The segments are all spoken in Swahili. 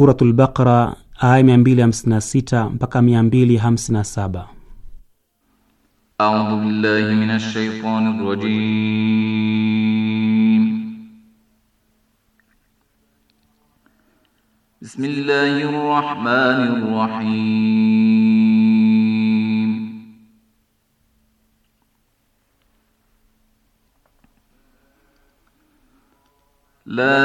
Suratu Lbaqara aya sita mpaka 257. Audhu billahi minash shaitani rajim. Bismillahir rahmanir rahim. La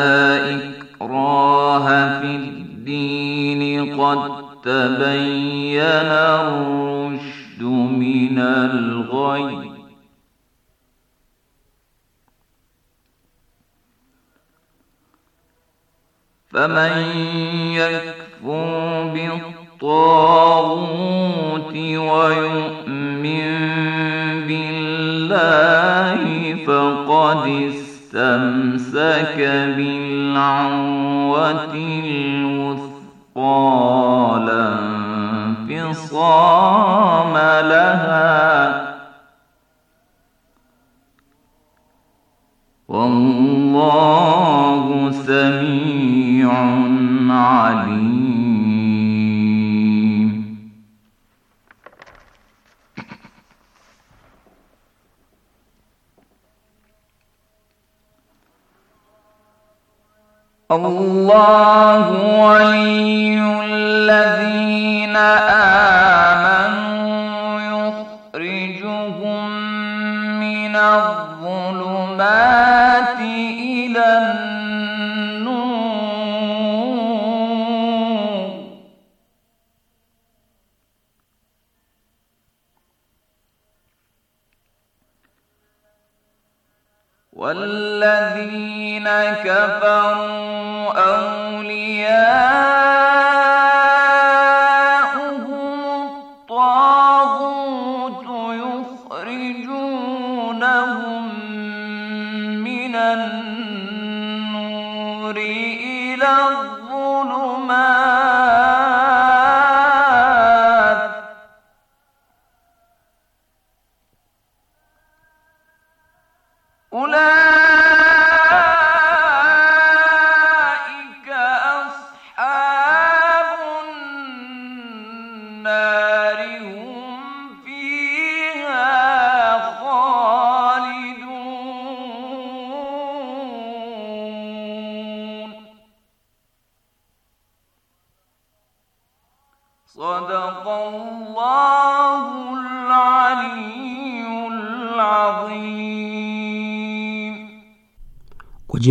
ikraha fil الدين قد تبين الرشد من الغي فمن يكفر بالطاغوت ويؤمن بالله فقد استمع استمسك بالعروة الوثقى لا انفصام لها والله سميع عليم الله ولي الذين آمنوا يخرجهم من الظلمات والذين كفروا أولياءهم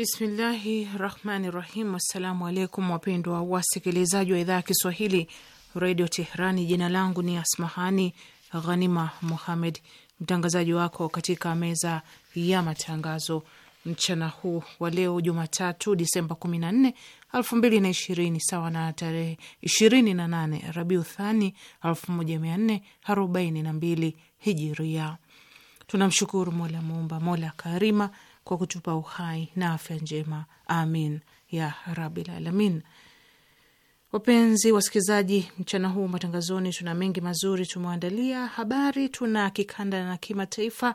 Bismillahi rahmani rahim. Assalamu alaikum wapendwa wasikilizaji wa idhaa ya Kiswahili redio Teherani. Jina langu ni Asmahani Ghanima Muhamed, mtangazaji wako katika meza ya matangazo mchana huu wa leo Jumatatu Disemba 14, 2020 sawa na tarehe 28 Rabiu Thani 1442 Hijiria. Tunamshukuru Mola Muumba, Mola Karima kwa kutupa uhai na afya njema, amin ya rabil alamin. Wapenzi wasikilizaji, mchana huu matangazoni tuna mengi mazuri tumeandalia, Habari tuna kikanda na kimataifa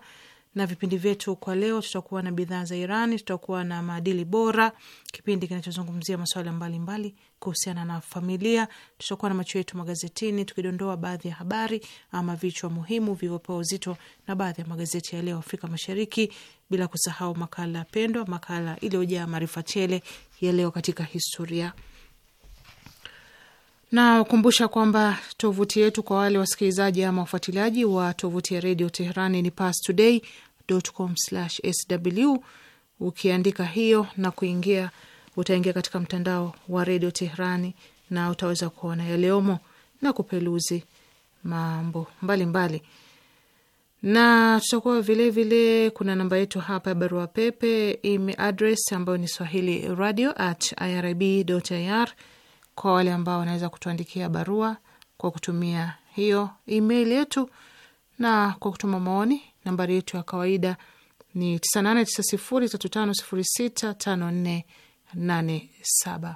na vipindi vyetu kwa leo. Tutakuwa na bidhaa za Irani, tutakuwa na maadili bora, kipindi kinachozungumzia masuala mbalimbali kuhusiana na familia. Tutakuwa na macho yetu magazetini, tukidondoa baadhi ya habari ama vichwa muhimu vilivyopewa uzito na baadhi ya magazeti ya leo Afrika Mashariki, bila kusahau makala pendwa, makala iliyojaa maarifa tele ya leo katika historia Nakumbusha kwamba tovuti yetu kwa wale wasikilizaji ama wafuatiliaji wa tovuti ya redio Teherani ni Pastoday sw. Ukiandika hiyo na kuingia, utaingia katika mtandao wa redio Teherani na utaweza kuona yaliyomo na kupeluzi mambo mbalimbali mbali. Na tutakuwa vilevile, kuna namba yetu hapa ya barua pepe email address ambayo ni swahili radio at irib kwa wale ambao wanaweza kutuandikia barua kwa kutumia hiyo email yetu na kwa kutuma maoni Nambari yetu ya kawaida ni 989035065487.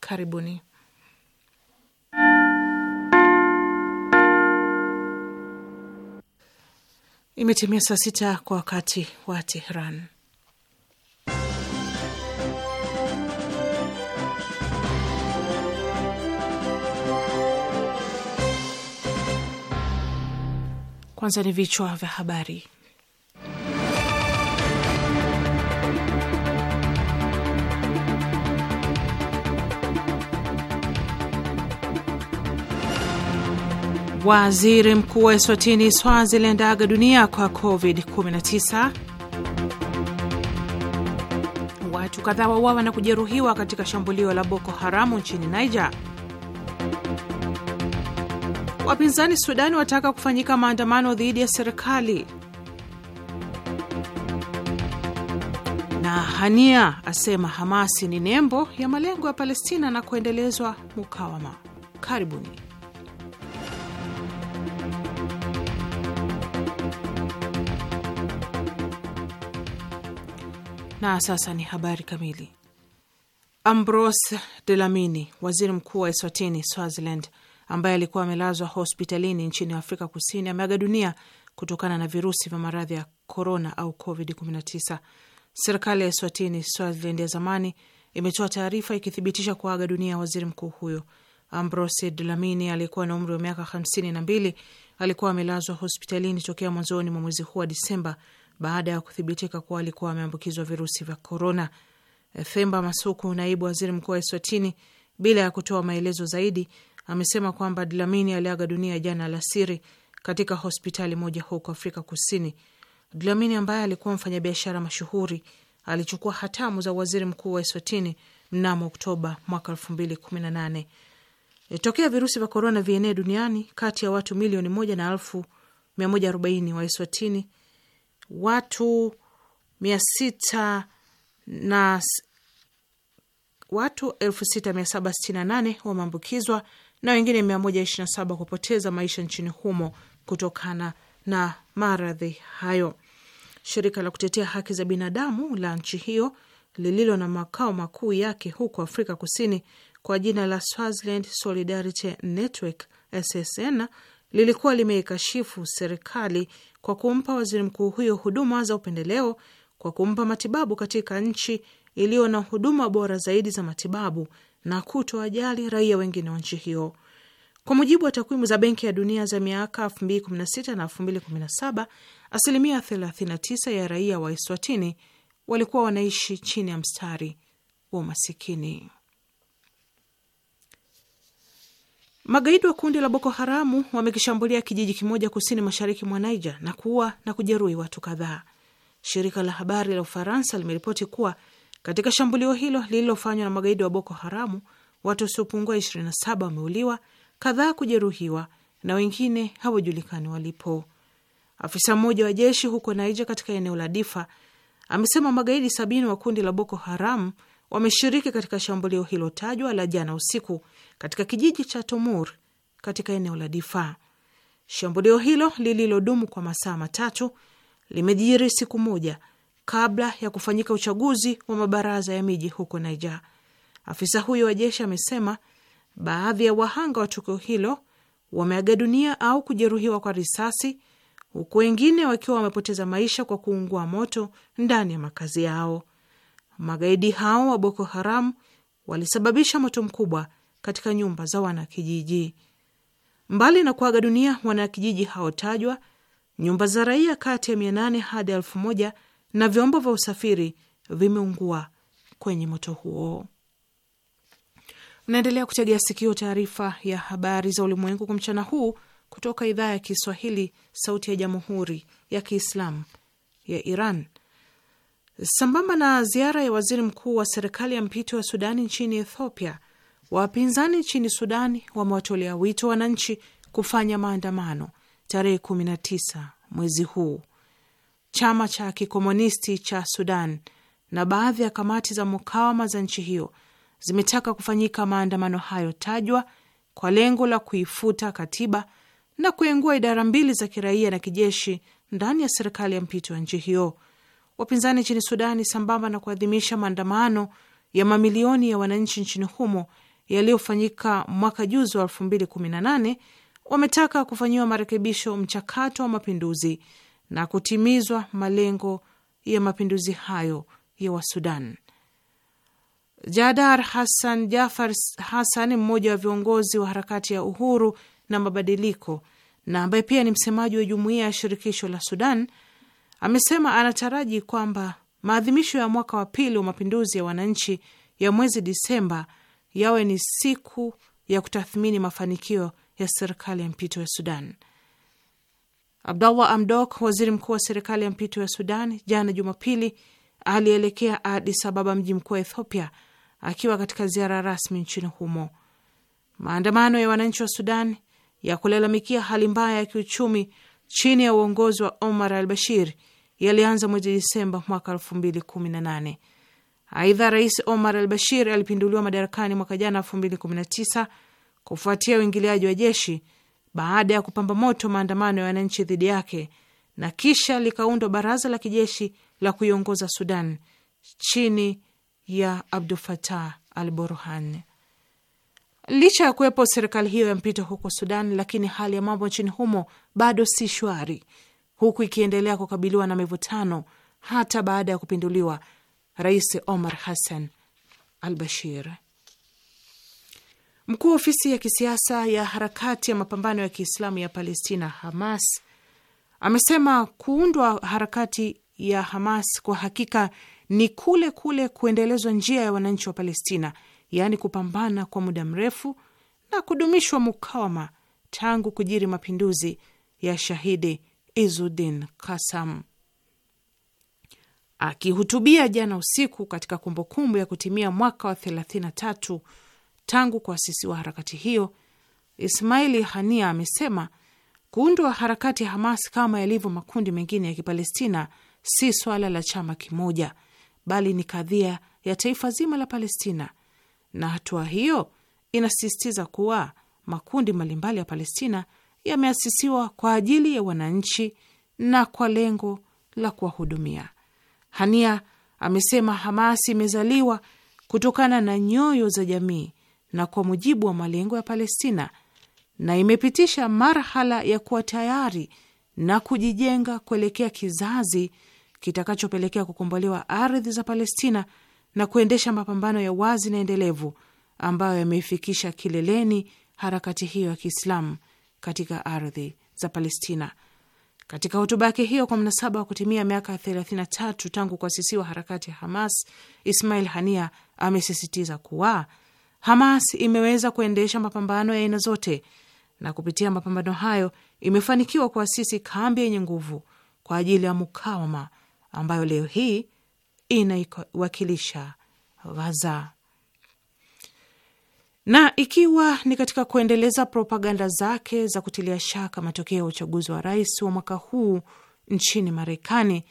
Karibuni. Imetimia saa sita kwa wakati wa Tehran. Kwanza ni vichwa vya habari. Waziri mkuu wa Eswatini Swaziland aga dunia kwa COVID-19. Watu kadhaa wauawa na kujeruhiwa katika shambulio la Boko Haramu nchini Niger. Wapinzani Sudani wataka kufanyika maandamano dhidi ya serikali. Na Hania asema Hamasi ni nembo ya malengo ya Palestina na kuendelezwa mukawama. Karibuni. Na sasa ni habari kamili. Ambrose Delamini, waziri mkuu wa Eswatini, Swaziland, ambaye alikuwa amelazwa hospitalini nchini Afrika Kusini ameaga dunia kutokana na virusi vya maradhi ya korona au COVID-19. Serikali ya Eswatini, Swaziland ya zamani, imetoa taarifa ikithibitisha kuaga dunia waziri mkuu huyo. Ambrose Dlamini aliyekuwa na umri wa miaka hamsini na mbili alikuwa amelazwa hospitalini tokea mwanzoni mwa mwezi huu wa Disemba baada ya kuthibitika kuwa alikuwa ameambukizwa virusi vya korona. Themba Masuku, naibu waziri mkuu wa Eswatini, bila ya kutoa maelezo zaidi, amesema kwamba Dlamini aliaga dunia jana alasiri katika hospitali moja huko Afrika Kusini. Dlamini ambaye alikuwa mfanyabiashara mashuhuri alichukua hatamu za waziri mkuu wa Eswatini mnamo Oktoba mwaka elfu mbili kumi na nane. E, tokea virusi vya korona vienee duniani, kati ya watu milioni moja na elfu mia moja arobaini wa Eswatini, watu mia sita na watu elfu sita mia saba sitini na nane wameambukizwa na wengine 127 kupoteza maisha nchini humo kutokana na maradhi hayo. Shirika la kutetea haki za binadamu la nchi hiyo lililo na makao makuu yake huko Afrika Kusini kwa jina la Swaziland Solidarity Network SSN lilikuwa limeikashifu serikali kwa kumpa waziri mkuu huyo huduma za upendeleo kwa kumpa matibabu katika nchi iliyo na huduma bora zaidi za matibabu na kutowajali raia wengine wa nchi hiyo. Kwa mujibu wa takwimu za Benki ya Dunia za miaka 2016 na 2017, asilimia 39 ya raia wa Eswatini walikuwa wanaishi chini ya mstari wa umasikini. Magaidi wa kundi la Boko Haramu wamekishambulia kijiji kimoja kusini mashariki mwa Niger na kuua na kujeruhi watu kadhaa. Shirika la habari la Ufaransa limeripoti kuwa katika shambulio hilo lililofanywa na magaidi wa Boko Haramu, watu wasiopungua 27 wameuliwa, kadhaa kujeruhiwa na wengine hawajulikani walipo. Afisa mmoja wa jeshi huko Naija katika eneo la Difa amesema magaidi sabini wa kundi la Boko Haram wameshiriki katika shambulio hilo tajwa la jana usiku katika kijiji cha Tomur katika eneo la Difa. Shambulio hilo lililodumu kwa masaa matatu limejiri siku moja kabla ya kufanyika uchaguzi wa mabaraza ya miji huko Niger. Afisa huyo wa jeshi amesema baadhi ya wahanga wa tukio hilo wameaga dunia au kujeruhiwa kwa risasi, huku wengine wakiwa wamepoteza maisha kwa kuungua moto ndani ya makazi yao. Magaidi hao wa Boko Haram walisababisha moto mkubwa katika nyumba za wanakijiji. Mbali na kuaga dunia wanakijiji haotajwa, nyumba za raia kati ya mia nane hadi elfu moja na vyombo vya usafiri vimeungua kwenye moto huo. naendelea kutegea sikio taarifa ya habari za ulimwengu kwa mchana huu kutoka idhaa ya Kiswahili, sauti ya jamhuri ya kiislamu ya Iran. Sambamba na ziara ya waziri mkuu wa serikali ya mpito ya Sudani nchini Ethiopia, wapinzani nchini Sudani wamewatolea wito wananchi kufanya maandamano tarehe 19 mwezi huu chama cha kikomunisti cha Sudan na baadhi ya kamati za mukawama za nchi hiyo zimetaka kufanyika maandamano hayo tajwa kwa lengo la kuifuta katiba na kuengua idara mbili za kiraia na kijeshi ndani ya serikali ya mpito ya nchi hiyo. Wapinzani nchini Sudani, sambamba na kuadhimisha maandamano ya mamilioni ya wananchi nchini humo yaliyofanyika mwaka juzi wa 2018, wametaka kufanyiwa marekebisho mchakato wa mapinduzi na kutimizwa malengo ya mapinduzi hayo ya Wasudan. Jadar Hassan Jafar Hassan, mmoja wa viongozi wa harakati ya uhuru na mabadiliko na ambaye pia ni msemaji wa jumuiya ya shirikisho la Sudan, amesema anataraji kwamba maadhimisho ya mwaka wa pili wa mapinduzi ya wananchi ya mwezi Disemba yawe ni siku ya kutathmini mafanikio ya serikali ya mpito ya Sudan. Abdallah Amdok, waziri mkuu wa serikali ya mpito ya Sudan, jana Jumapili alielekea Adis Ababa, mji mkuu wa Ethiopia, akiwa katika ziara rasmi nchini humo. Maandamano ya wananchi wa Sudan ya kulalamikia hali mbaya ya kiuchumi chini ya uongozi wa Omar al Bashir yalianza mwezi Disemba mwaka nane. Aidha, rais Omar al Bashir alipinduliwa madarakani mwaka jana tisa kufuatia uingiliaji wa jeshi baada ya kupamba moto maandamano ya wananchi dhidi yake na kisha likaundwa baraza la kijeshi la kuiongoza Sudan chini ya Abdul Fatah al Burhan. Licha ya kuwepo serikali hiyo ya mpito huko Sudan, lakini hali ya mambo nchini humo bado si shwari, huku ikiendelea kukabiliwa na mivutano hata baada ya kupinduliwa Rais Omar Hassan al Bashir. Mkuu wa ofisi ya kisiasa ya harakati ya mapambano ya Kiislamu ya Palestina, Hamas, amesema kuundwa harakati ya Hamas kwa hakika ni kule kule kuendelezwa njia ya wananchi wa Palestina, yaani kupambana kwa muda mrefu na kudumishwa mukawama tangu kujiri mapinduzi ya shahidi Izudin Kasam. Akihutubia jana usiku katika kumbukumbu ya kutimia mwaka wa 33 Tangu kuasisiwa harakati hiyo, Ismaili Hania amesema kuundwa harakati ya Hamas kama yalivyo makundi mengine ya Kipalestina si swala la chama kimoja, bali ni kadhia ya taifa zima la Palestina, na hatua hiyo inasisitiza kuwa makundi mbalimbali ya Palestina yameasisiwa kwa ajili ya wananchi na kwa lengo la kuwahudumia. Hania amesema Hamas imezaliwa kutokana na nyoyo za jamii na kwa mujibu wa malengo ya Palestina na imepitisha marhala ya kuwa tayari na kujijenga kuelekea kizazi kitakachopelekea kukombolewa ardhi za Palestina na kuendesha mapambano ya wazi na endelevu ambayo yameifikisha kileleni harakati hiyo ya Kiislamu katika ardhi za Palestina. Katika hotuba yake hiyo kwa mnasaba wa kutimia miaka 33 tangu kuasisiwa harakati ya Hamas, Ismail Hania amesisitiza kuwa Hamas imeweza kuendesha mapambano ya aina zote na kupitia mapambano hayo imefanikiwa kuasisi kambi yenye nguvu kwa ajili ya mukawama ambayo leo hii inaiwakilisha Ghaza. Na ikiwa ni katika kuendeleza propaganda zake za kutilia shaka matokeo ya uchaguzi wa rais wa mwaka huu nchini Marekani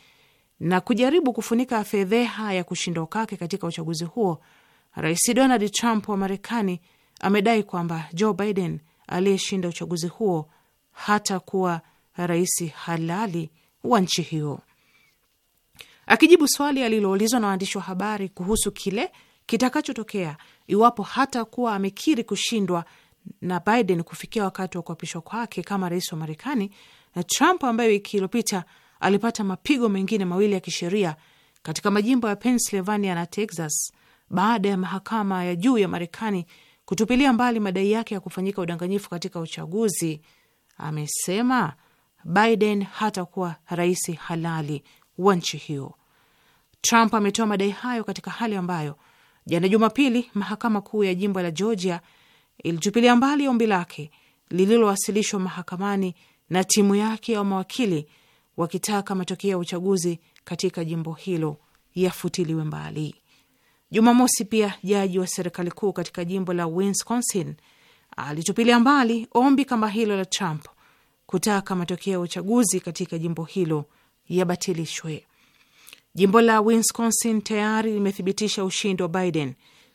na kujaribu kufunika fedheha ya kushindwa kwake katika uchaguzi huo, Rais Donald Trump wa Marekani amedai kwamba Joe Biden aliyeshinda uchaguzi huo hata kuwa rais halali wa nchi hiyo. Akijibu swali aliloulizwa na waandishi wa habari kuhusu kile kitakachotokea iwapo hata kuwa amekiri kushindwa na Biden kufikia wakati wa kuapishwa kwake kama rais wa Marekani, Trump ambaye wiki iliyopita alipata mapigo mengine mawili ya kisheria katika majimbo ya Pennsylvania na Texas baada ya mahakama ya juu ya Marekani kutupilia mbali madai yake ya kufanyika udanganyifu katika uchaguzi, amesema Biden hatakuwa rais halali wa nchi hiyo. Trump ametoa madai hayo katika hali ambayo jana Jumapili mahakama kuu ya jimbo la Georgia ilitupilia mbali ombi lake lililowasilishwa mahakamani na timu yake ya mawakili wakitaka matokeo ya uchaguzi katika jimbo hilo yafutiliwe mbali. Jumamosi pia jaji wa serikali kuu katika jimbo la Wisconsin alitupilia mbali ombi kama hilo la Trump kutaka matokeo ya uchaguzi katika jimbo hilo yabatilishwe. Jimbo la Wisconsin tayari limethibitisha ushindi wa Biden,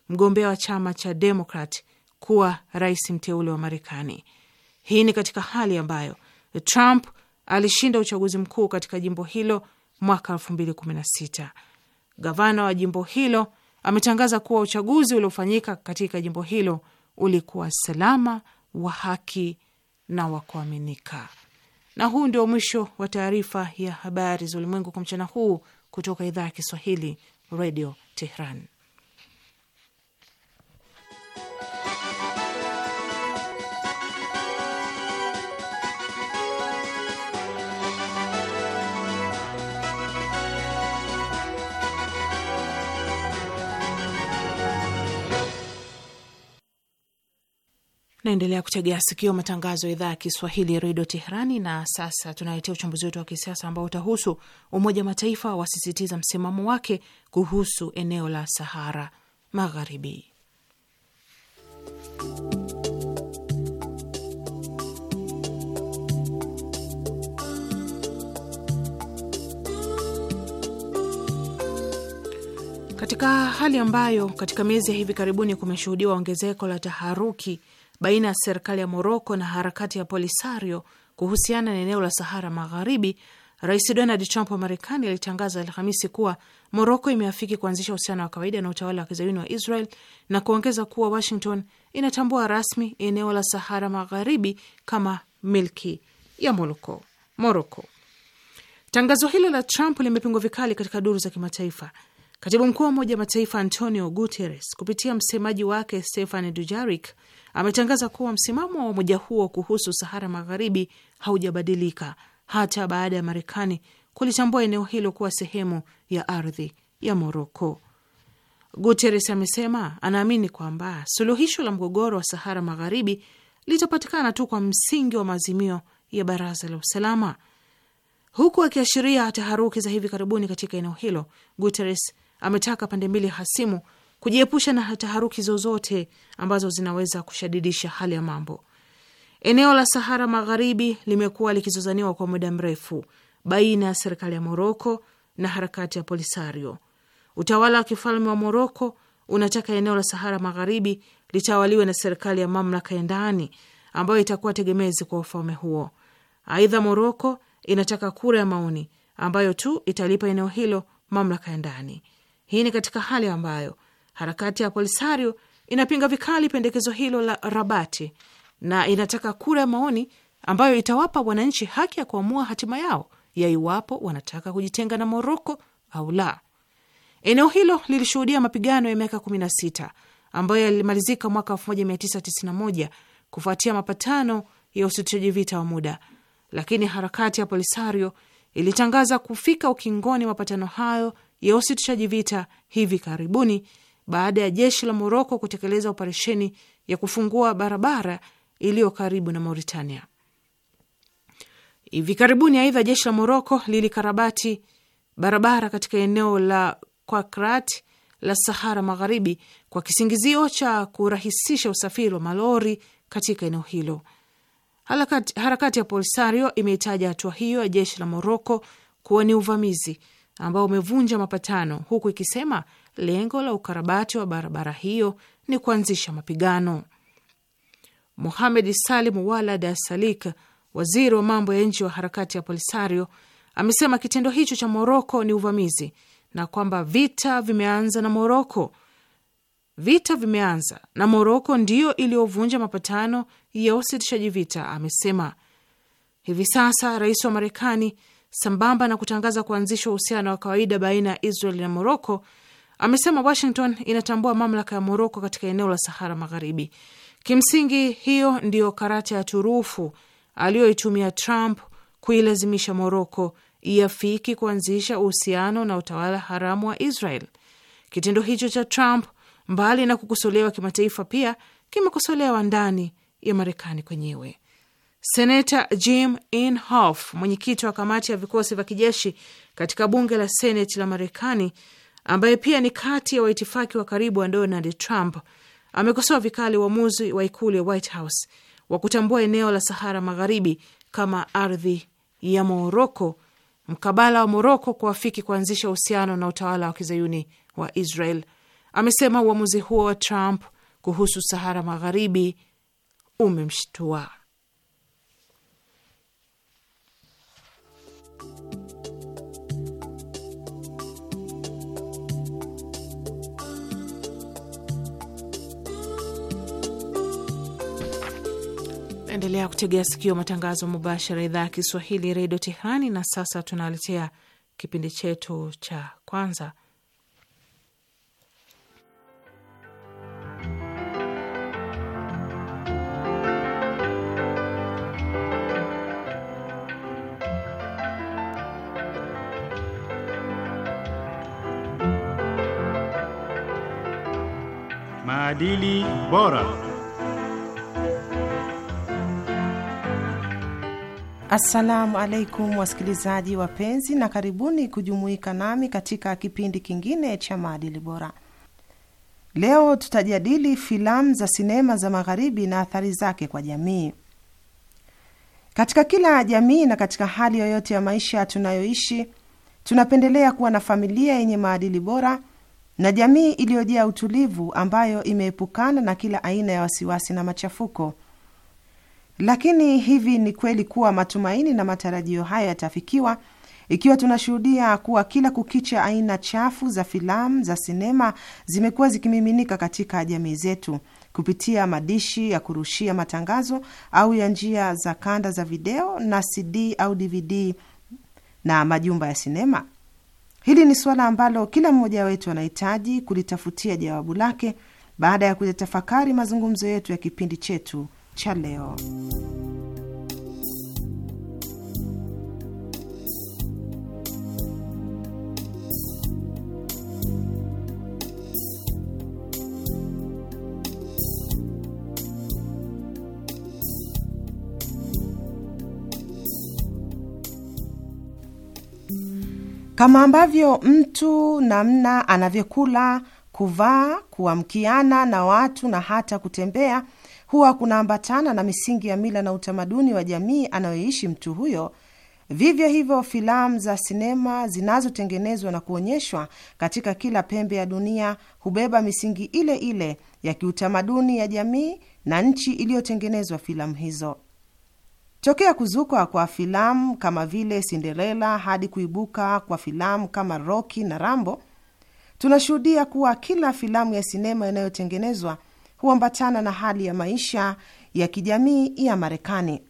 mgombea wa chama cha Demokrat, kuwa rais mteule wa Marekani. Hii ni katika hali ambayo Trump alishinda uchaguzi mkuu katika jimbo hilo mwaka 2016. Gavana wa jimbo hilo ametangaza kuwa uchaguzi uliofanyika katika jimbo hilo ulikuwa salama, wa haki na wa kuaminika. Na huu ndio mwisho wa taarifa ya habari za ulimwengu kwa mchana huu kutoka idhaa ya Kiswahili, Redio Tehran. Naendelea kutegea sikio matangazo ya idhaa ya Kiswahili redio Teherani. Na sasa tunaletea uchambuzi wetu wa kisiasa ambao utahusu Umoja wa Mataifa wasisitiza msimamo wake kuhusu eneo la Sahara Magharibi. Katika hali ambayo katika miezi ya hivi karibuni kumeshuhudiwa ongezeko la taharuki baina ya serikali ya Moroko na harakati ya Polisario kuhusiana na eneo la Sahara Magharibi, Rais Donald Trump wa Marekani alitangaza Alhamisi kuwa Moroko imeafiki kuanzisha uhusiano wa kawaida na utawala wa kizayuni wa Israel na kuongeza kuwa Washington inatambua rasmi eneo la Sahara Magharibi kama milki ya Moroko. Moroko. Tangazo hilo la Trump limepingwa vikali katika duru za kimataifa Katibu mkuu wa Umoja wa Mataifa Antonio Guterres kupitia msemaji wake Stefan Dujarik ametangaza kuwa msimamo wa umoja huo kuhusu Sahara Magharibi haujabadilika hata baada ya Marekani kulitambua eneo hilo kuwa sehemu ya ardhi ya Moroko. Guterres amesema anaamini kwamba suluhisho la mgogoro wa Sahara Magharibi litapatikana tu kwa msingi wa maazimio ya Baraza la Usalama. Huku akiashiria taharuki za hivi karibuni katika eneo hilo, Guterres ametaka pande mbili hasimu kujiepusha na taharuki zozote ambazo zinaweza kushadidisha hali ya mambo. Eneo la Sahara Magharibi limekuwa likizozaniwa kwa muda mrefu baina ya serikali ya Moroko na harakati ya Polisario. Utawala wa kifalme wa Moroko unataka eneo la Sahara Magharibi litawaliwe na serikali ya mamlaka ya ndani ambayo itakuwa tegemezi kwa ufalme huo. Aidha, Moroko inataka kura ya maoni ambayo tu italipa eneo hilo mamlaka ya ndani. Hii ni katika hali ambayo harakati ya Polisario inapinga vikali pendekezo hilo la Rabati na inataka kura ya maoni ambayo itawapa wananchi haki ya kuamua hatima yao ya iwapo wanataka kujitenga na Moroko au la. Eneo hilo lilishuhudia mapigano ya miaka 16 ambayo yalimalizika mwaka 1991 kufuatia mapatano ya usitishaji vita wa muda, lakini harakati ya Polisario ilitangaza kufika ukingoni mapatano hayo ya usitishaji vita hivi karibuni baada ya jeshi la Moroko kutekeleza operesheni ya kufungua barabara iliyo karibu na Mauritania. Hivi karibuni, aidha, jeshi la Moroko lilikarabati barabara katika eneo la Kwakrat la Sahara Magharibi kwa kisingizio cha kurahisisha usafiri wa malori katika eneo hilo. Harakati ya Polisario imeitaja hatua hiyo ya jeshi la Moroko kuwa ni uvamizi ambao umevunja mapatano, huku ikisema lengo la ukarabati wa barabara hiyo ni kuanzisha mapigano. Mohamed Salim Walad Asalik, waziri wa mambo ya nje wa harakati ya Polisario, amesema kitendo hicho cha Moroko ni uvamizi na kwamba vita vimeanza na Moroko. Vita vimeanza na Moroko ndiyo iliyovunja mapatano ya usitishaji vita, amesema. Hivi sasa rais wa Marekani sambamba na kutangaza kuanzishwa uhusiano wa kawaida baina ya Israel na Moroko, amesema Washington inatambua mamlaka ya Moroko katika eneo la Sahara Magharibi. Kimsingi, hiyo ndiyo karata ya turufu aliyoitumia Trump kuilazimisha Moroko iafiki kuanzisha uhusiano na utawala haramu wa Israel. Kitendo hicho cha Trump, mbali na kukosolewa kimataifa, pia kimekosolewa ndani ya Marekani kwenyewe. Senata Jim Inhofe, mwenyekiti wa kamati ya vikosi vya kijeshi katika bunge la seneti la Marekani, ambaye pia ni kati ya waitifaki wa karibu wa Donald Trump, amekosoa vikali uamuzi wa ikulu ya White House wa kutambua eneo la Sahara Magharibi kama ardhi ya Moroko mkabala wa Moroko kuafiki kuanzisha uhusiano na utawala wa kizayuni wa Israel. Amesema uamuzi huo wa Trump kuhusu Sahara Magharibi umemshtua. Endelea kutegea sikio matangazo mubashara idhaa ya Kiswahili redio Tehrani. Na sasa tunaletea kipindi chetu cha kwanza Maadili Bora. Assalamu alaikum wasikilizaji wapenzi, na karibuni kujumuika nami katika kipindi kingine cha maadili bora. Leo tutajadili filamu za sinema za magharibi na athari zake kwa jamii. Katika kila jamii na katika hali yoyote ya maisha tunayoishi, tunapendelea kuwa na familia yenye maadili bora na jamii iliyojaa utulivu ambayo imeepukana na kila aina ya wasiwasi na machafuko. Lakini hivi ni kweli kuwa matumaini na matarajio hayo yatafikiwa ikiwa tunashuhudia kuwa kila kukicha aina chafu za filamu za sinema zimekuwa zikimiminika katika jamii zetu kupitia madishi ya kurushia matangazo au ya njia za kanda za video na CD au DVD na majumba ya sinema. Hili ni suala ambalo kila mmoja wetu anahitaji kulitafutia jawabu lake baada ya kuyatafakari mazungumzo yetu ya kipindi chetu cha leo. kama ambavyo mtu namna anavyokula, kuvaa, kuamkiana na watu na hata kutembea huwa kunaambatana na misingi ya mila na utamaduni wa jamii anayoishi mtu huyo. Vivyo hivyo, filamu za sinema zinazotengenezwa na kuonyeshwa katika kila pembe ya dunia hubeba misingi ile ile ya kiutamaduni ya jamii na nchi iliyotengenezwa filamu hizo. Tokea kuzuka kwa filamu kama vile Cinderella hadi kuibuka kwa filamu kama Rocky na Rambo, tunashuhudia kuwa kila filamu ya sinema inayotengenezwa huambatana na hali ya maisha ya kijamii ya Marekani.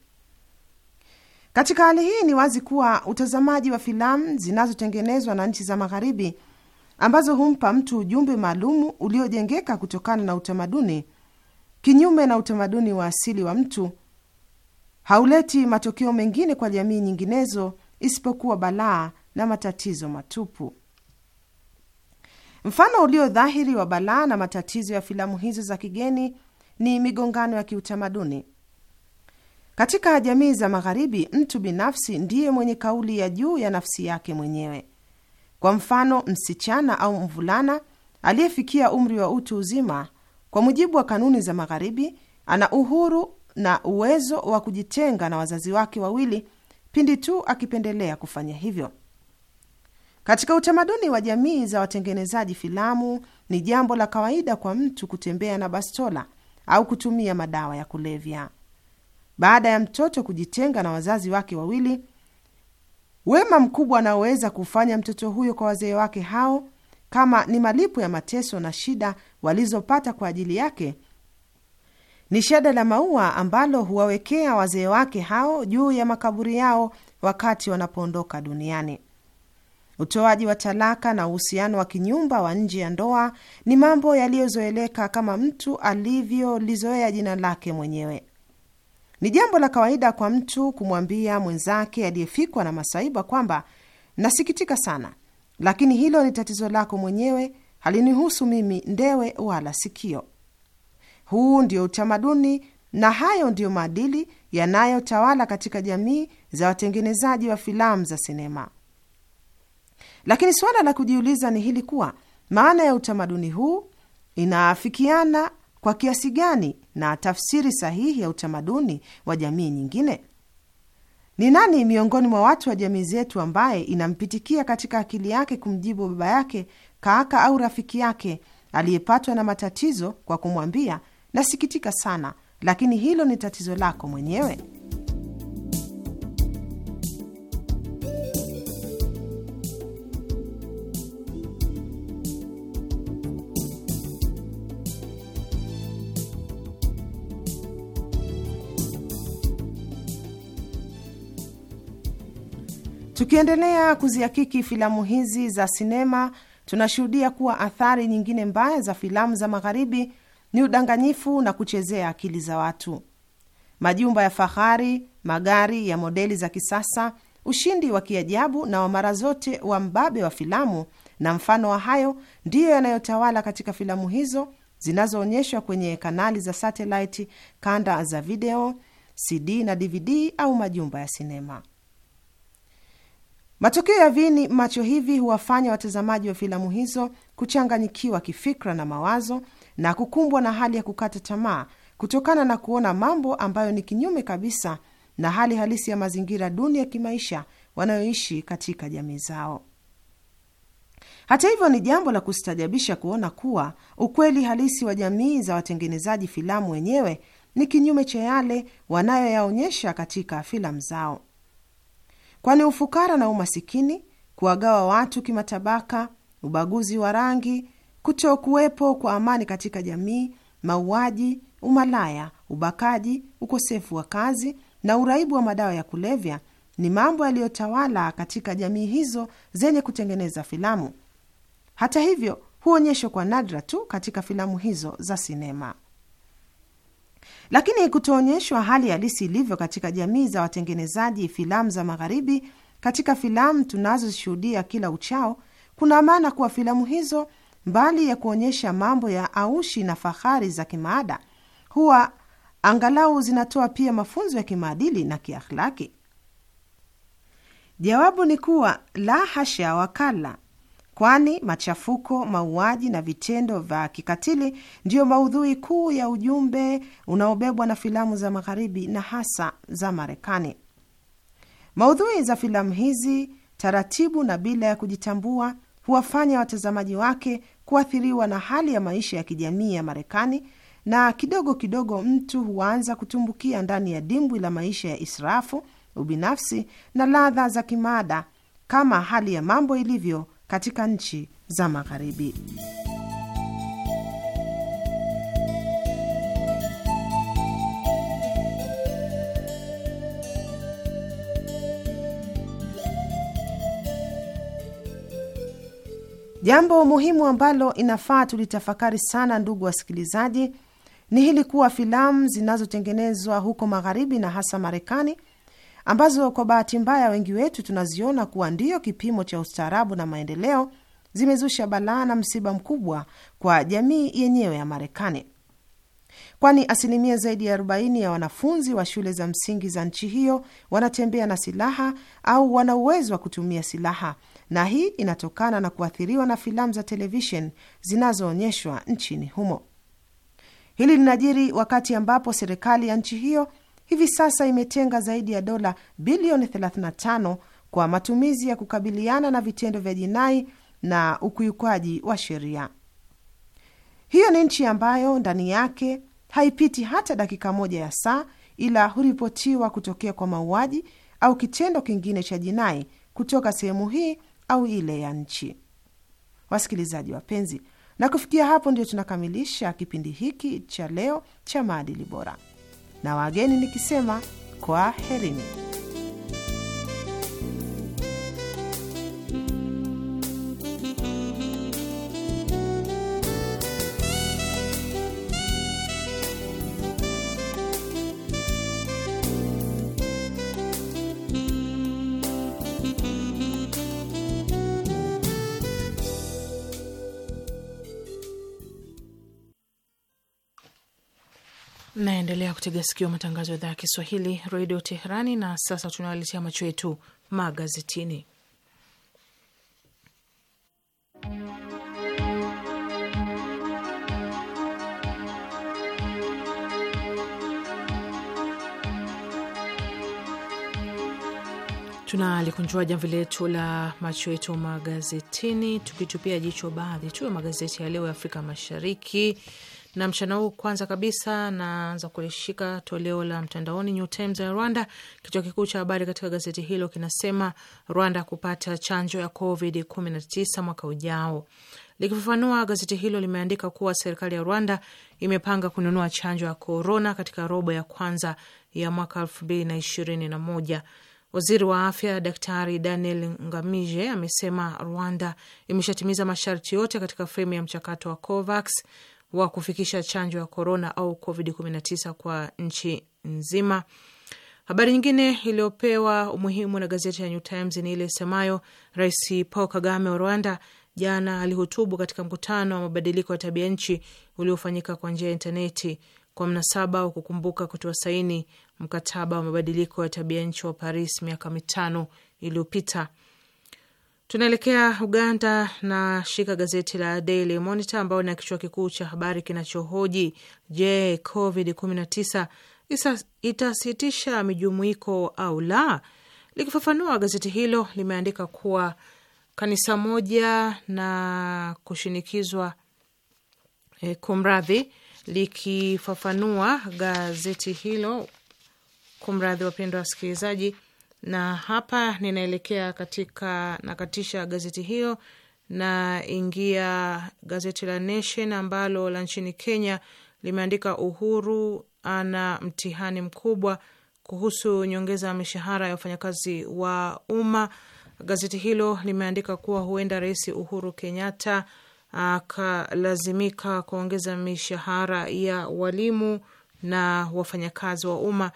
Katika hali hii, ni wazi kuwa utazamaji wa filamu zinazotengenezwa na nchi za Magharibi, ambazo humpa mtu ujumbe maalumu uliojengeka kutokana na utamaduni, kinyume na utamaduni wa asili wa mtu hauleti matokeo mengine kwa jamii nyinginezo isipokuwa balaa na matatizo matupu. Mfano ulio dhahiri wa balaa na matatizo ya filamu hizo za kigeni ni migongano ya kiutamaduni. Katika jamii za Magharibi, mtu binafsi ndiye mwenye kauli ya juu ya nafsi yake mwenyewe. Kwa mfano, msichana au mvulana aliyefikia umri wa utu uzima, kwa mujibu wa kanuni za Magharibi, ana uhuru na uwezo wa kujitenga na wazazi wake wawili pindi tu akipendelea kufanya hivyo. Katika utamaduni wa jamii za watengenezaji filamu, ni jambo la kawaida kwa mtu kutembea na bastola au kutumia madawa ya kulevya. Baada ya mtoto kujitenga na wazazi wake wawili, wema mkubwa anaoweza kufanya mtoto huyo kwa wazee wake hao, kama ni malipo ya mateso na shida walizopata kwa ajili yake, ni shada la maua ambalo huwawekea wazee wake hao juu ya makaburi yao wakati wanapoondoka duniani. Utoaji wa talaka na uhusiano wa kinyumba wa nje ya ndoa ni mambo yaliyozoeleka kama mtu alivyolizoea jina lake mwenyewe. Ni jambo la kawaida kwa mtu kumwambia mwenzake aliyefikwa na masaiba kwamba nasikitika sana, lakini hilo ni tatizo lako mwenyewe, halinihusu mimi, ndewe wala sikio. Huu ndio utamaduni na hayo ndiyo maadili yanayotawala katika jamii za watengenezaji wa filamu za sinema. Lakini suala la kujiuliza ni hili kuwa maana ya utamaduni huu inaafikiana kwa kiasi gani na tafsiri sahihi ya utamaduni wa jamii nyingine? Ni nani miongoni mwa watu wa jamii zetu ambaye inampitikia katika akili yake kumjibu baba yake, kaka au rafiki yake aliyepatwa na matatizo kwa kumwambia Nasikitika sana, lakini hilo ni tatizo lako mwenyewe. Tukiendelea kuzihakiki filamu hizi za sinema, tunashuhudia kuwa athari nyingine mbaya za filamu za Magharibi ni udanganyifu na kuchezea akili za watu. Majumba ya fahari, magari ya modeli za kisasa, ushindi wa kiajabu na wa mara zote wa mbabe wa filamu na mfano wa hayo ndiyo yanayotawala katika filamu hizo zinazoonyeshwa kwenye kanali za satelaiti, kanda za video, CD na DVD au majumba ya sinema. Matokeo ya vini macho hivi huwafanya watazamaji wa filamu hizo kuchanganyikiwa kifikra na mawazo na kukumbwa na hali ya kukata tamaa kutokana na kuona mambo ambayo ni kinyume kabisa na hali halisi ya mazingira duni ya kimaisha wanayoishi katika jamii zao. Hata hivyo, ni jambo la kustajabisha kuona kuwa ukweli halisi wa jamii za watengenezaji filamu wenyewe ni kinyume cha yale wanayoyaonyesha katika filamu zao, kwani ufukara na umasikini, kuwagawa watu kimatabaka, ubaguzi wa rangi, kutokuwepo kwa amani katika jamii, mauaji, umalaya, ubakaji, ukosefu wa kazi na uraibu wa madawa ya kulevya ni mambo yaliyotawala katika jamii hizo zenye kutengeneza filamu. Hata hivyo, huonyeshwa kwa nadra tu katika filamu hizo za sinema. Lakini kutoonyeshwa hali halisi ilivyo katika jamii za watengenezaji filamu za Magharibi katika filamu tunazoshuhudia kila uchao, kuna maana kuwa filamu hizo mbali ya kuonyesha mambo ya aushi na fahari za kimaada, huwa angalau zinatoa pia mafunzo ya kimaadili na kiakhlaki? Jawabu ni kuwa la hasha, wakala Kwani machafuko, mauaji na vitendo vya kikatili ndiyo maudhui kuu ya ujumbe unaobebwa na filamu za Magharibi na hasa za Marekani. Maudhui za filamu hizi taratibu na bila ya kujitambua huwafanya watazamaji wake kuathiriwa na hali ya maisha ya kijamii ya Marekani, na kidogo kidogo mtu huanza kutumbukia ndani ya dimbwi la maisha ya israfu, ubinafsi na ladha za kimaada, kama hali ya mambo ilivyo katika nchi za Magharibi. Jambo muhimu ambalo inafaa tulitafakari sana, ndugu wasikilizaji, ni hili kuwa filamu zinazotengenezwa huko Magharibi na hasa Marekani, ambazo kwa bahati mbaya wengi wetu tunaziona kuwa ndiyo kipimo cha ustaarabu na maendeleo, zimezusha balaa na msiba mkubwa kwa jamii yenyewe ya Marekani, kwani asilimia zaidi ya 40 ya wanafunzi wa shule za msingi za nchi hiyo wanatembea na silaha au wana uwezo wa kutumia silaha na hii inatokana na kuathiriwa na filamu za televisheni zinazoonyeshwa nchini humo. Hili linajiri wakati ambapo serikali ya nchi hiyo hivi sasa imetenga zaidi ya dola bilioni 35 kwa matumizi ya kukabiliana na vitendo vya jinai na ukiukwaji wa sheria. Hiyo ni nchi ambayo ndani yake haipiti hata dakika moja ya saa ila huripotiwa kutokea kwa mauaji au kitendo kingine cha jinai kutoka sehemu hii au ile ya nchi. Wasikilizaji wapenzi, na kufikia hapo ndio tunakamilisha kipindi hiki cha leo cha maadili bora, na wageni nikisema kwa herini. Naendelea kutega sikio matangazo ya idhaa ya Kiswahili redio Teherani. Na sasa tunawaletea macho yetu magazetini. Tunalikunjua jamvi letu la macho yetu magazetini, tukitupia jicho baadhi tu ya magazeti ya leo ya Afrika Mashariki na mchana huu, kwanza kabisa naanza kulishika toleo la mtandaoni New Times ya Rwanda. Kichwa kikuu cha habari katika gazeti hilo kinasema Rwanda kupata chanjo ya Covid 19 mwaka ujao. Likifafanua, gazeti hilo limeandika kuwa serikali ya Rwanda imepanga kununua chanjo ya korona katika robo ya kwanza ya mwaka elfu Waziri wa afya Daktari Daniel Ngamije amesema Rwanda imeshatimiza masharti yote katika fremu ya mchakato wa COVAX wa kufikisha chanjo ya korona au covid-19 kwa nchi nzima. Habari nyingine iliyopewa umuhimu na gazeti ya New Times ni ile semayo Rais Paul Kagame wa Rwanda jana alihutubu katika mkutano wa mabadiliko ya tabia nchi uliofanyika kwa njia ya intaneti kwa mnasaba wa kukumbuka kutoa saini mkataba wa mabadiliko ya tabia nchi wa Paris miaka mitano iliyopita. Tunaelekea Uganda na shika gazeti la Daily Monitor ambayo na kichwa kikuu cha habari kinachohoji je, Covid 19 itasitisha mijumuiko au la? Likifafanua, gazeti hilo limeandika kuwa kanisa moja na kushinikizwa e, kumradhi. Likifafanua gazeti hilo kumradhi, wapendwa wasikilizaji, na hapa ninaelekea katika, nakatisha gazeti hiyo na ingia gazeti la Nation ambalo la nchini Kenya limeandika Uhuru ana mtihani mkubwa kuhusu nyongeza ya mishahara ya wafanyakazi wa umma. Gazeti hilo limeandika kuwa huenda Rais Uhuru Kenyatta akalazimika kuongeza mishahara ya walimu na wafanyakazi wa umma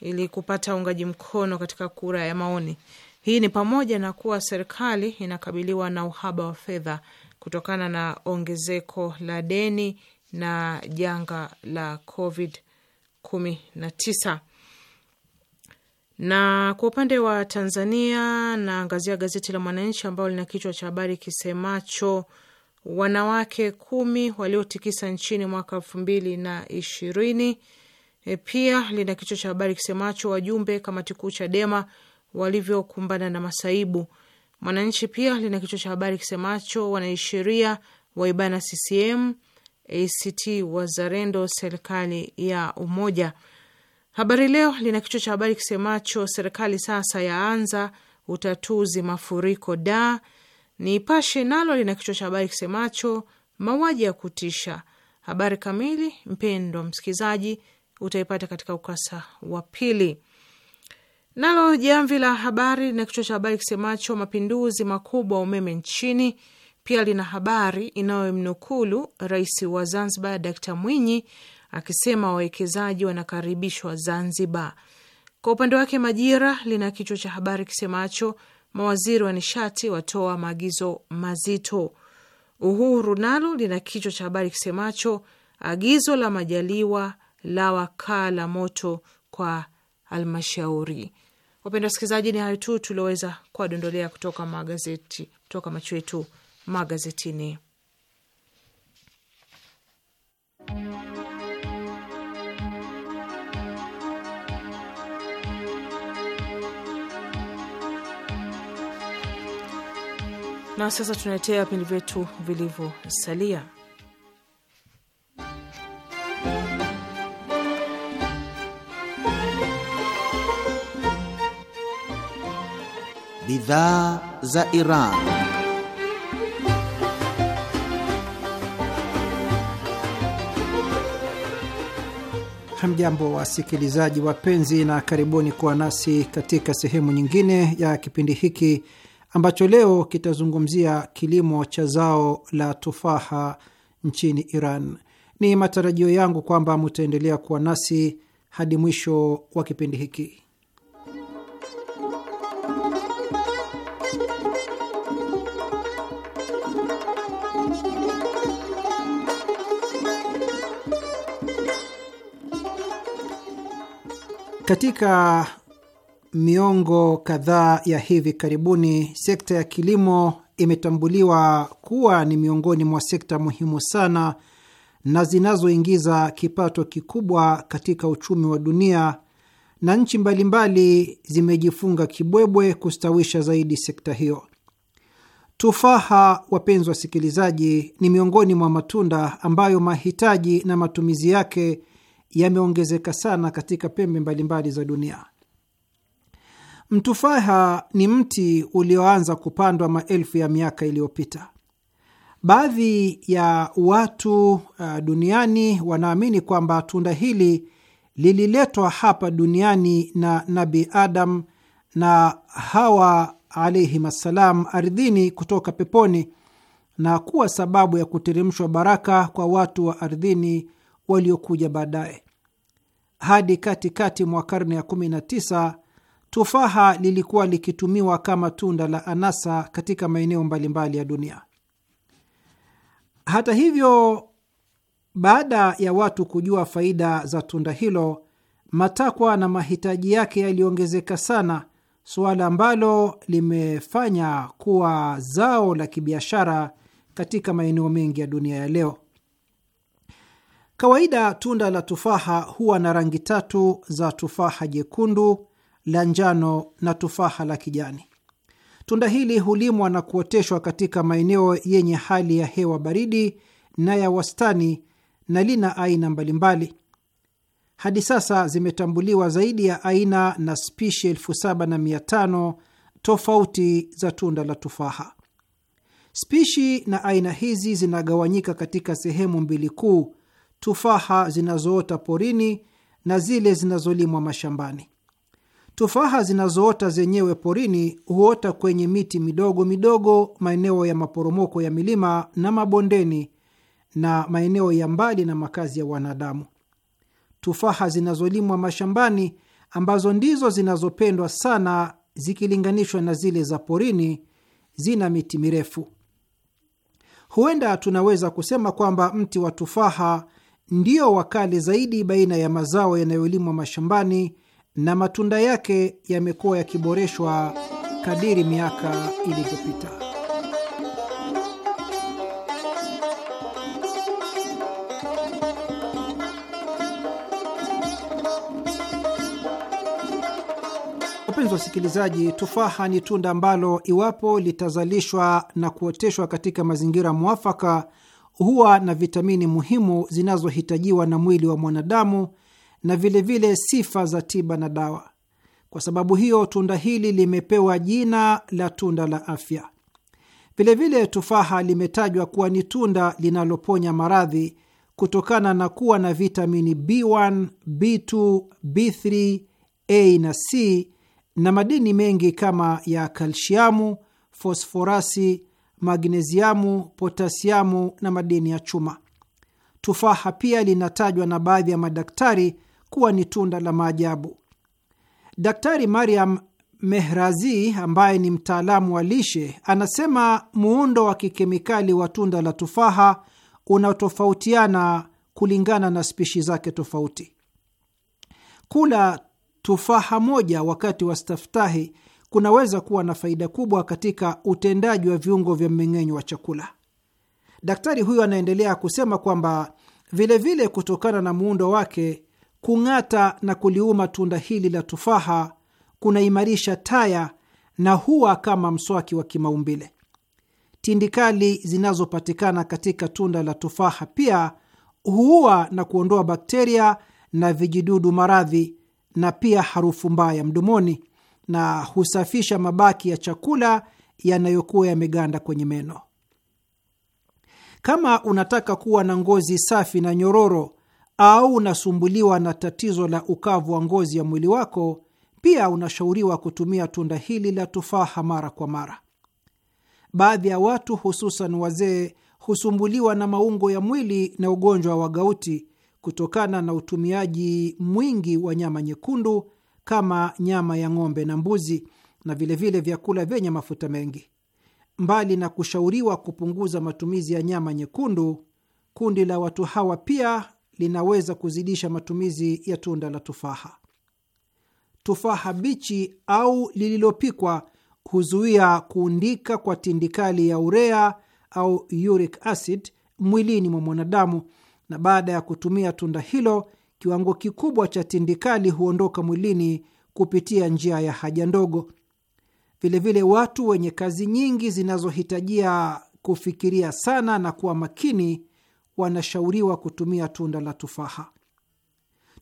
ili kupata uungaji mkono katika kura ya maoni. Hii ni pamoja na kuwa serikali inakabiliwa na uhaba wa fedha kutokana na ongezeko la deni na janga la Covid 19. Na kwa upande wa Tanzania, naangazia gazeti la Mwananchi ambalo lina kichwa cha habari kisemacho wanawake kumi waliotikisa nchini mwaka elfu mbili na ishirini. E, pia lina kichwa cha habari kisemacho wajumbe kamati kuu Chadema walivyokumbana na masaibu. Mwananchi pia lina kichwa cha habari kisemacho wanaisheria waibana CCM, ACT Wazalendo, serikali ya umoja. Habari Leo lina kichwa cha habari kisemacho serikali sasa yaanza utatuzi mafuriko da. Nipashe nalo lina kichwa cha habari kisemacho mauaji ya kutisha. Habari kamili, mpendwa msikilizaji utaipata katika ukasa wa pili. Nalo jamvi la habari na kichwa cha habari kisemacho mapinduzi makubwa umeme nchini, pia lina habari inayomnukulu rais wa Zanzibar Dkt Mwinyi akisema wawekezaji wanakaribishwa Zanzibar. Kwa upande wake, Majira lina kichwa cha habari kisemacho mawaziri wa nishati watoa maagizo mazito. Uhuru nalo lina kichwa cha habari kisemacho agizo la Majaliwa la wakala moto kwa almashauri. Wapenda wasikilizaji, ni hayo tu tulioweza kuwadondolea kutoka magazeti, kutoka macho yetu magazetini. Na sasa tunaletea vipindi vyetu vilivyosalia. bidhaa za Iran. Hamjambo wasikilizaji wapenzi, na karibuni kuwa nasi katika sehemu nyingine ya kipindi hiki ambacho leo kitazungumzia kilimo cha zao la tufaha nchini Iran. Ni matarajio yangu kwamba mutaendelea kuwa nasi hadi mwisho wa kipindi hiki. Katika miongo kadhaa ya hivi karibuni, sekta ya kilimo imetambuliwa kuwa ni miongoni mwa sekta muhimu sana na zinazoingiza kipato kikubwa katika uchumi wa dunia na nchi mbalimbali zimejifunga kibwebwe kustawisha zaidi sekta hiyo. Tufaha, wapenzi wasikilizaji, ni miongoni mwa matunda ambayo mahitaji na matumizi yake yameongezeka sana katika pembe mbalimbali za dunia. Mtufaha ni mti ulioanza kupandwa maelfu ya miaka iliyopita. Baadhi ya watu uh, duniani wanaamini kwamba tunda hili lililetwa hapa duniani na Nabi Adam na Hawa alaihim assalam ardhini kutoka peponi na kuwa sababu ya kuteremshwa baraka kwa watu wa ardhini waliokuja baadaye. Hadi katikati mwa karne ya 19 tufaha lilikuwa likitumiwa kama tunda la anasa katika maeneo mbalimbali ya dunia. Hata hivyo, baada ya watu kujua faida za tunda hilo, matakwa na mahitaji yake yaliongezeka sana, suala ambalo limefanya kuwa zao la kibiashara katika maeneo mengi ya dunia ya leo. Kawaida tunda la tufaha huwa na rangi tatu za tufaha jekundu, la njano na tufaha la kijani. Tunda hili hulimwa na kuoteshwa katika maeneo yenye hali ya hewa baridi na ya wastani na lina aina mbalimbali. Hadi sasa zimetambuliwa zaidi ya aina na spishi elfu saba na mia tano tofauti za tunda la tufaha. Spishi na aina hizi zinagawanyika katika sehemu mbili kuu tufaha zinazoota porini na zile zinazolimwa mashambani. Tufaha zinazoota zenyewe porini huota kwenye miti midogo midogo maeneo ya maporomoko ya milima na mabondeni na maeneo ya mbali na makazi ya wanadamu. Tufaha zinazolimwa mashambani, ambazo ndizo zinazopendwa sana zikilinganishwa na zile za porini, zina miti mirefu. Huenda tunaweza kusema kwamba mti wa tufaha ndio wakali zaidi baina ya mazao yanayolimwa mashambani na matunda yake yamekuwa yakiboreshwa kadiri miaka ilivyopita. Wapenzi wasikilizaji, tufaha ni tunda ambalo iwapo litazalishwa na kuoteshwa katika mazingira mwafaka huwa na vitamini muhimu zinazohitajiwa na mwili wa mwanadamu na vilevile vile sifa za tiba na dawa. Kwa sababu hiyo, tunda hili limepewa jina la tunda la afya. Vilevile tufaha limetajwa kuwa ni tunda linaloponya maradhi kutokana na kuwa na vitamini B1, B2, B3, A na C na madini mengi kama ya kalsiamu, fosforasi, magneziamu, potasiamu na madini ya chuma. Tufaha pia linatajwa na baadhi ya madaktari kuwa ni tunda la maajabu. Daktari Mariam Mehrazi ambaye ni mtaalamu wa lishe anasema muundo wa kikemikali wa tunda la tufaha unatofautiana kulingana na spishi zake tofauti. Kula tufaha moja wakati wa staftahi kunaweza kuwa na faida kubwa katika utendaji wa viungo vya mmeng'enyo wa chakula. Daktari huyo anaendelea kusema kwamba vilevile kutokana na muundo wake, kung'ata na kuliuma tunda hili la tufaha kunaimarisha taya na huwa kama mswaki wa kimaumbile. Tindikali zinazopatikana katika tunda la tufaha pia huua na kuondoa bakteria na vijidudu maradhi na pia harufu mbaya mdomoni na husafisha mabaki ya chakula yanayokuwa yameganda kwenye meno. Kama unataka kuwa na ngozi safi na nyororo au unasumbuliwa na tatizo la ukavu wa ngozi ya mwili wako, pia unashauriwa kutumia tunda hili la tufaha mara kwa mara. Baadhi ya watu hususan wazee husumbuliwa na maungo ya mwili na ugonjwa wa gauti kutokana na utumiaji mwingi wa nyama nyekundu kama nyama ya ng'ombe na mbuzi na vilevile vile vyakula vyenye mafuta mengi. Mbali na kushauriwa kupunguza matumizi ya nyama nyekundu, kundi la watu hawa pia linaweza kuzidisha matumizi ya tunda la tufaha. Tufaha bichi au lililopikwa huzuia kuundika kwa tindikali ya urea au uric acid mwilini mwa mwanadamu, na baada ya kutumia tunda hilo kiwango kikubwa cha tindikali huondoka mwilini kupitia njia ya haja ndogo. Vilevile, watu wenye kazi nyingi zinazohitajia kufikiria sana na kuwa makini wanashauriwa kutumia tunda la tufaha.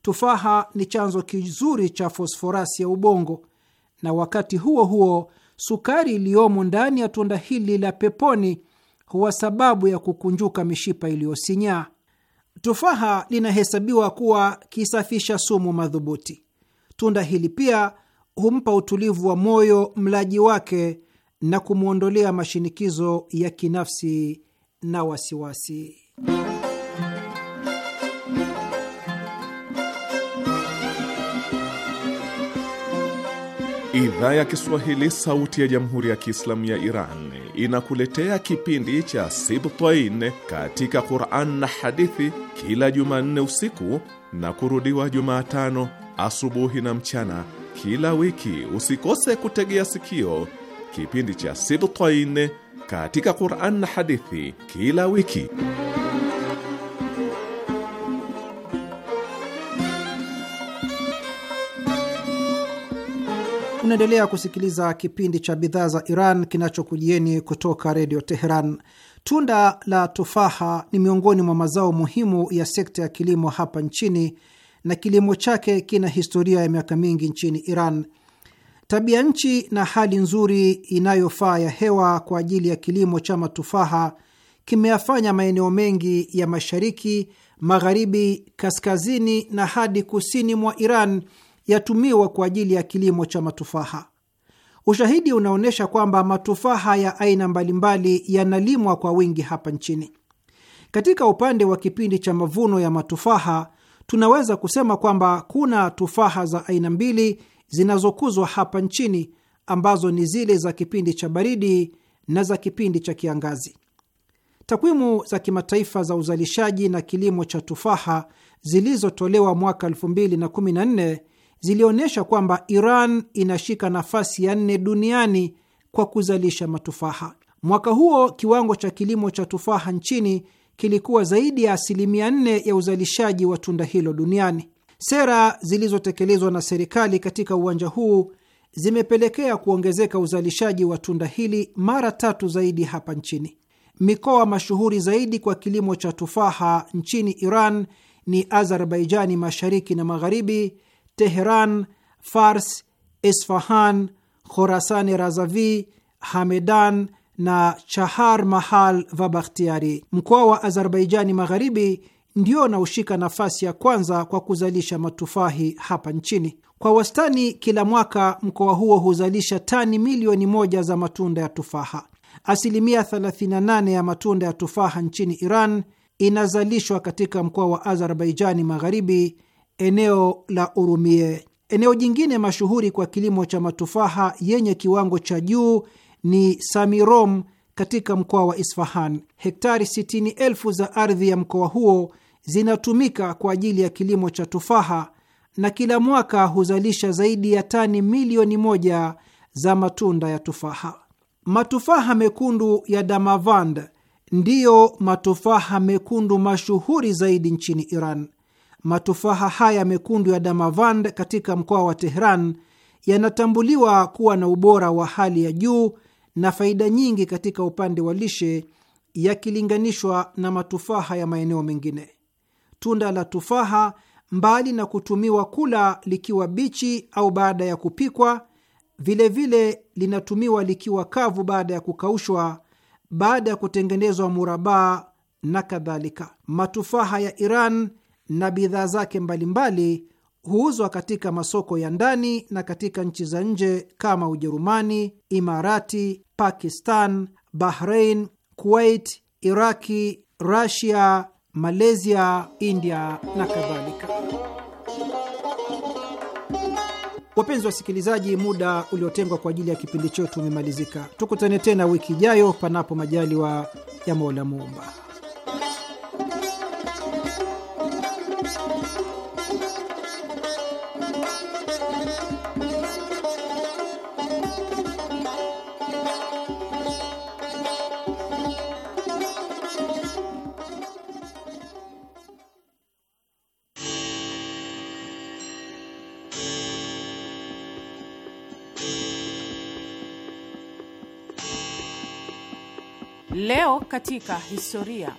Tufaha ni chanzo kizuri cha fosforasi ya ubongo, na wakati huo huo sukari iliyomo ndani ya tunda hili la peponi huwa sababu ya kukunjuka mishipa iliyosinyaa. Tufaha linahesabiwa kuwa kisafisha sumu madhubuti. Tunda hili pia humpa utulivu wa moyo mlaji wake na kumwondolea mashinikizo ya kinafsi na wasiwasi. Idhaa ya Kiswahili sauti ya Jamhuri ya Kiislamu ya Iran inakuletea kipindi cha Sibtain katika Quran na hadithi kila Jumanne usiku na kurudiwa Jumatano asubuhi na mchana kila wiki. Usikose kutegea sikio kipindi cha Sibtain katika Quran na hadithi kila wiki. Mnaendelea kusikiliza kipindi cha bidhaa za Iran kinachokujieni kutoka redio Teheran. Tunda la tufaha ni miongoni mwa mazao muhimu ya sekta ya kilimo hapa nchini na kilimo chake kina historia ya miaka mingi nchini Iran. Tabia nchi na hali nzuri inayofaa ya hewa kwa ajili ya kilimo cha matufaha kimeyafanya maeneo mengi ya mashariki, magharibi, kaskazini na hadi kusini mwa Iran yatumiwa kwa ajili ya kilimo cha matufaha. Ushahidi unaonyesha kwamba matufaha ya aina mbalimbali yanalimwa kwa wingi hapa nchini. Katika upande wa kipindi cha mavuno ya matufaha, tunaweza kusema kwamba kuna tufaha za aina mbili zinazokuzwa hapa nchini ambazo ni zile za kipindi cha baridi na za kipindi cha kiangazi. Takwimu za kimataifa za uzalishaji na kilimo cha tufaha zilizotolewa mwaka 2014 zilionyesha kwamba Iran inashika nafasi ya nne duniani kwa kuzalisha matufaha. Mwaka huo kiwango cha kilimo cha tufaha nchini kilikuwa zaidi ya asilimia nne ya uzalishaji wa tunda hilo duniani. Sera zilizotekelezwa na serikali katika uwanja huu zimepelekea kuongezeka uzalishaji wa tunda hili mara tatu zaidi hapa nchini. Mikoa mashuhuri zaidi kwa kilimo cha tufaha nchini Iran ni Azerbaijani mashariki na magharibi, Teheran, Fars, Isfahan, Khorasani Razavi, Hamedan na Chahar Mahal Vabakhtiari. Mkoa wa Azerbaijani Magharibi ndio unaoshika nafasi ya kwanza kwa kuzalisha matufahi hapa nchini. Kwa wastani, kila mwaka mkoa huo huzalisha tani milioni moja za matunda ya tufaha. Asilimia 38 ya matunda ya tufaha nchini Iran inazalishwa katika mkoa wa Azerbaijani Magharibi eneo la Urumie. Eneo jingine mashuhuri kwa kilimo cha matufaha yenye kiwango cha juu ni Samirom katika mkoa wa Isfahan. Hektari sitini elfu za ardhi ya mkoa huo zinatumika kwa ajili ya kilimo cha tufaha na kila mwaka huzalisha zaidi ya tani milioni moja za matunda ya tufaha. Matufaha mekundu ya Damavand ndiyo matufaha mekundu mashuhuri zaidi nchini Iran. Matufaha haya mekundu ya Damavand katika mkoa wa Tehran yanatambuliwa kuwa na ubora wa hali ya juu na faida nyingi katika upande wa lishe yakilinganishwa na matufaha ya maeneo mengine. Tunda la tufaha, mbali na kutumiwa kula likiwa bichi au baada ya kupikwa, vilevile vile linatumiwa likiwa kavu baada ya kukaushwa, baada ya kutengenezwa murabaa na kadhalika. Matufaha ya Iran na bidhaa zake mbalimbali huuzwa katika masoko ya ndani na katika nchi za nje kama Ujerumani, Imarati, Pakistan, Bahrain, Kuwait, Iraki, Rasia, Malaysia, India na kadhalika. Wapenzi wasikilizaji, muda uliotengwa kwa ajili ya kipindi chetu umemalizika. Tukutane tena wiki ijayo, panapo majaliwa ya Mola Muumba. Leo katika historia.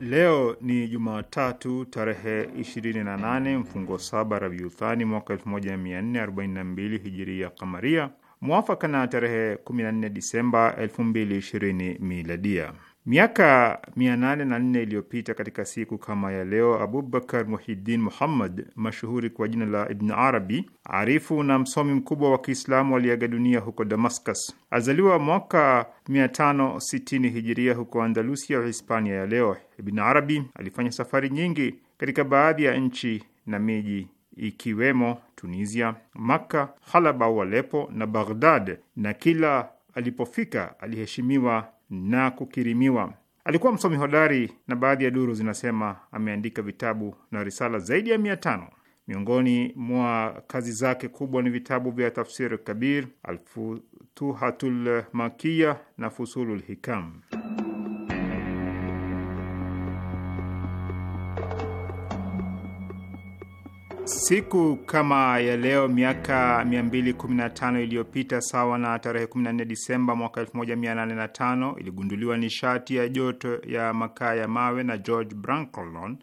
Leo ni Jumatatu tarehe 28 mfungo saba Rabiuthani mwaka 1442 hijiria kamaria, mwafaka na tarehe 14 Disemba 2020 miladia. Miaka 804 iliyopita katika siku kama ya leo, Abubakar Muhiddin Muhammad, mashuhuri kwa jina la Ibn Arabi, arifu na msomi mkubwa wa Kiislamu, aliaga dunia huko Damascus. Alizaliwa mwaka 560 hijiria huko Andalusia, Hispania ya leo. Ibn Arabi alifanya safari nyingi katika baadhi ya nchi na miji ikiwemo Tunisia, Makka, Halaba au Alepo na Baghdad, na kila alipofika aliheshimiwa na kukirimiwa. Alikuwa msomi hodari na baadhi ya duru zinasema ameandika vitabu na risala zaidi ya mia tano. Miongoni mwa kazi zake kubwa ni vitabu vya Tafsir Kabir, Alfutuhatul Makiya na Fusulul Hikam. Siku kama ya leo miaka 215 iliyopita sawa na tarehe 14 Disemba mwaka 1805 iligunduliwa nishati ya joto ya makaa ya mawe na George Brancolon,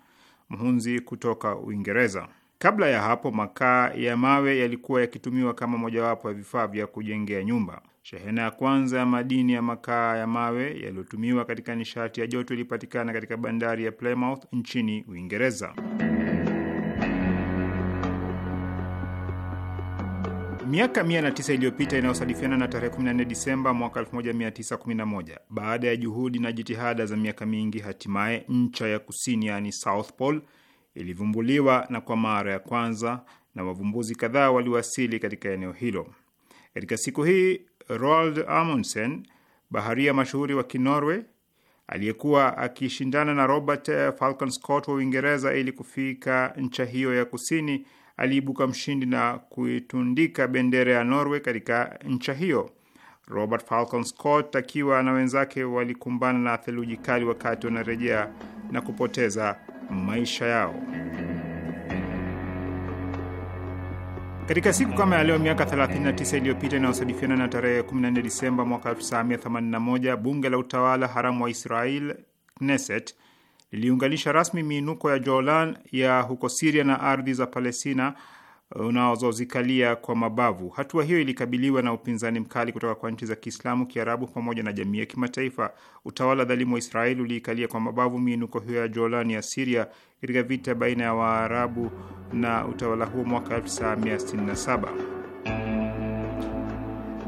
mhunzi kutoka Uingereza. Kabla ya hapo, makaa ya mawe yalikuwa yakitumiwa kama mojawapo ya vifaa vya kujengea nyumba. Shehena ya kwanza ya madini ya makaa ya mawe yaliyotumiwa katika nishati ya joto ilipatikana katika bandari ya Plymouth nchini Uingereza. miaka 109 iliyopita inayosadifiana na tarehe 14 Disemba mwaka 1911, baada ya juhudi na jitihada za miaka mingi, hatimaye ncha ya kusini, yaani South Pole, ilivumbuliwa na kwa mara ya kwanza na wavumbuzi kadhaa waliwasili katika eneo hilo. Katika siku hii Roald Amundsen, baharia mashuhuri wa Kinorwe aliyekuwa akishindana na Robert Falcon Scott wa Uingereza ili kufika ncha hiyo ya kusini aliibuka mshindi na kuitundika bendera ya Norway katika ncha hiyo. Robert Falcon Scott akiwa na wenzake walikumbana na theluji kali wakati wanarejea na kupoteza maisha yao. Katika siku kama ya leo miaka 39 iliyopita inayosadifiana na tarehe 14 Disemba mwaka 1981, bunge la utawala haramu wa Israel Knesset liliunganisha rasmi miinuko ya Jolan ya huko Siria na ardhi za Palestina eh, unazozikalia kwa mabavu. Hatua hiyo ilikabiliwa na upinzani mkali kutoka kwa nchi za Kiislamu, Kiarabu pamoja na jamii ya kimataifa. Utawala dhalimu wa Israeli uliikalia kwa mabavu miinuko hiyo ya Jolan ya Siria katika vita baina ya Waarabu na utawala huo mwaka 1967.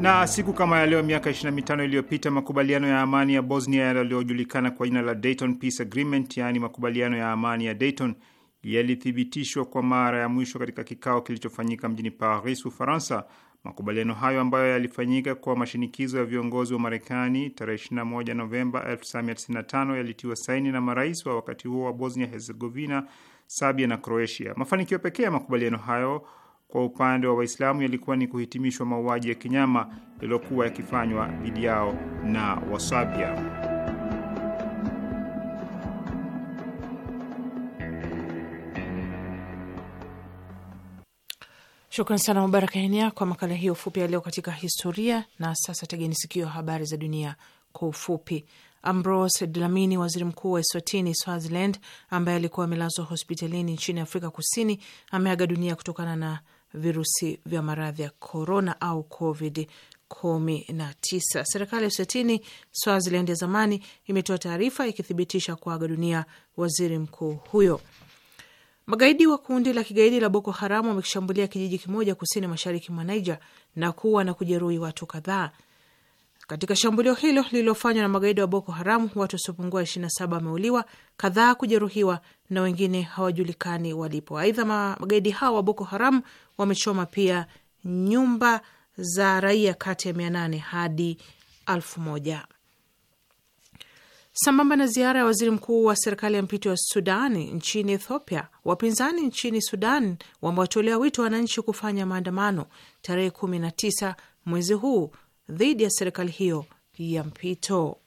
Na siku kama ya leo miaka 25 iliyopita makubaliano ya amani ya Bosnia yaliyojulikana kwa jina la Dayton Peace Agreement, yaani makubaliano ya amani ya Dayton yalithibitishwa kwa mara ya mwisho katika kikao kilichofanyika mjini Paris, Ufaransa. Makubaliano hayo ambayo yalifanyika kwa mashinikizo ya viongozi wa Marekani tarehe 21 Novemba 1995 yalitiwa saini na marais wa wakati huo wa Bosnia Herzegovina, Serbia na Croatia. Mafanikio pekee ya makubaliano hayo kwa upande wa Waislamu yalikuwa ni kuhitimishwa mauaji ya kinyama yaliyokuwa yakifanywa dhidi yao na Wasabia. Shukran sana Mubaraka Enia kwa makala hiyo fupi ya leo katika historia. Na sasa tegeni sikio, habari za dunia kwa ufupi. Ambrose Dlamini, waziri mkuu wa Eswatini, Swaziland, ambaye alikuwa amelazwa hospitalini nchini Afrika Kusini, ameaga dunia kutokana na virusi vya maradhi ya korona au covid 19. Serikali ya usetini Swaziland ya zamani imetoa taarifa ikithibitisha kuaga dunia waziri mkuu huyo. Magaidi wa kundi la kigaidi la Boko Haramu wamekishambulia kijiji kimoja kusini mashariki mwa Niger na kuwa na kujeruhi watu kadhaa. Katika shambulio hilo lililofanywa na magaidi wa Boko Haramu, watu wasiopungua 27 wameuliwa, kadhaa kujeruhiwa na wengine hawajulikani walipo. Aidha, magaidi hao wa Boko Haramu wamechoma pia nyumba za raia kati ya 800 hadi 1000. Sambamba na ziara ya waziri mkuu wa serikali ya mpito wa sudan nchini Ethiopia, wapinzani nchini Sudan wamewatolea wito wananchi kufanya maandamano tarehe 19 mwezi huu dhidi ya serikali hiyo ya mpito.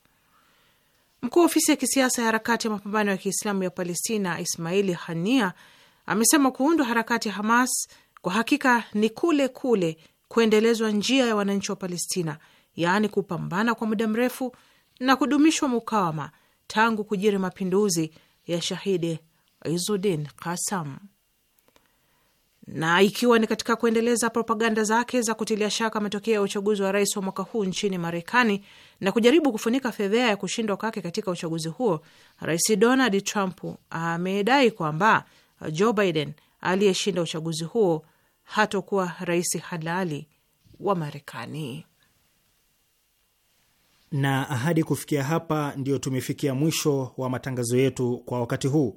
Mkuu wa ofisi ya kisiasa ya harakati ya mapambano ya Kiislamu ya Palestina, Ismaili Hania, amesema kuundwa harakati ya Hamas kwa hakika ni kule kule kuendelezwa njia ya wananchi wa Palestina, yaani kupambana kwa muda mrefu na kudumishwa mukawama tangu kujiri mapinduzi ya shahidi Izudin Kasam na ikiwa ni katika kuendeleza propaganda zake za kutilia shaka matokeo ya uchaguzi wa rais wa mwaka huu nchini Marekani na kujaribu kufunika fedheha ya kushindwa kwake katika uchaguzi huo, Rais Donald Trump amedai kwamba Joe Biden aliyeshinda uchaguzi huo hatokuwa rais halali wa Marekani. Na ahadi kufikia hapa, ndiyo tumefikia mwisho wa matangazo yetu kwa wakati huu.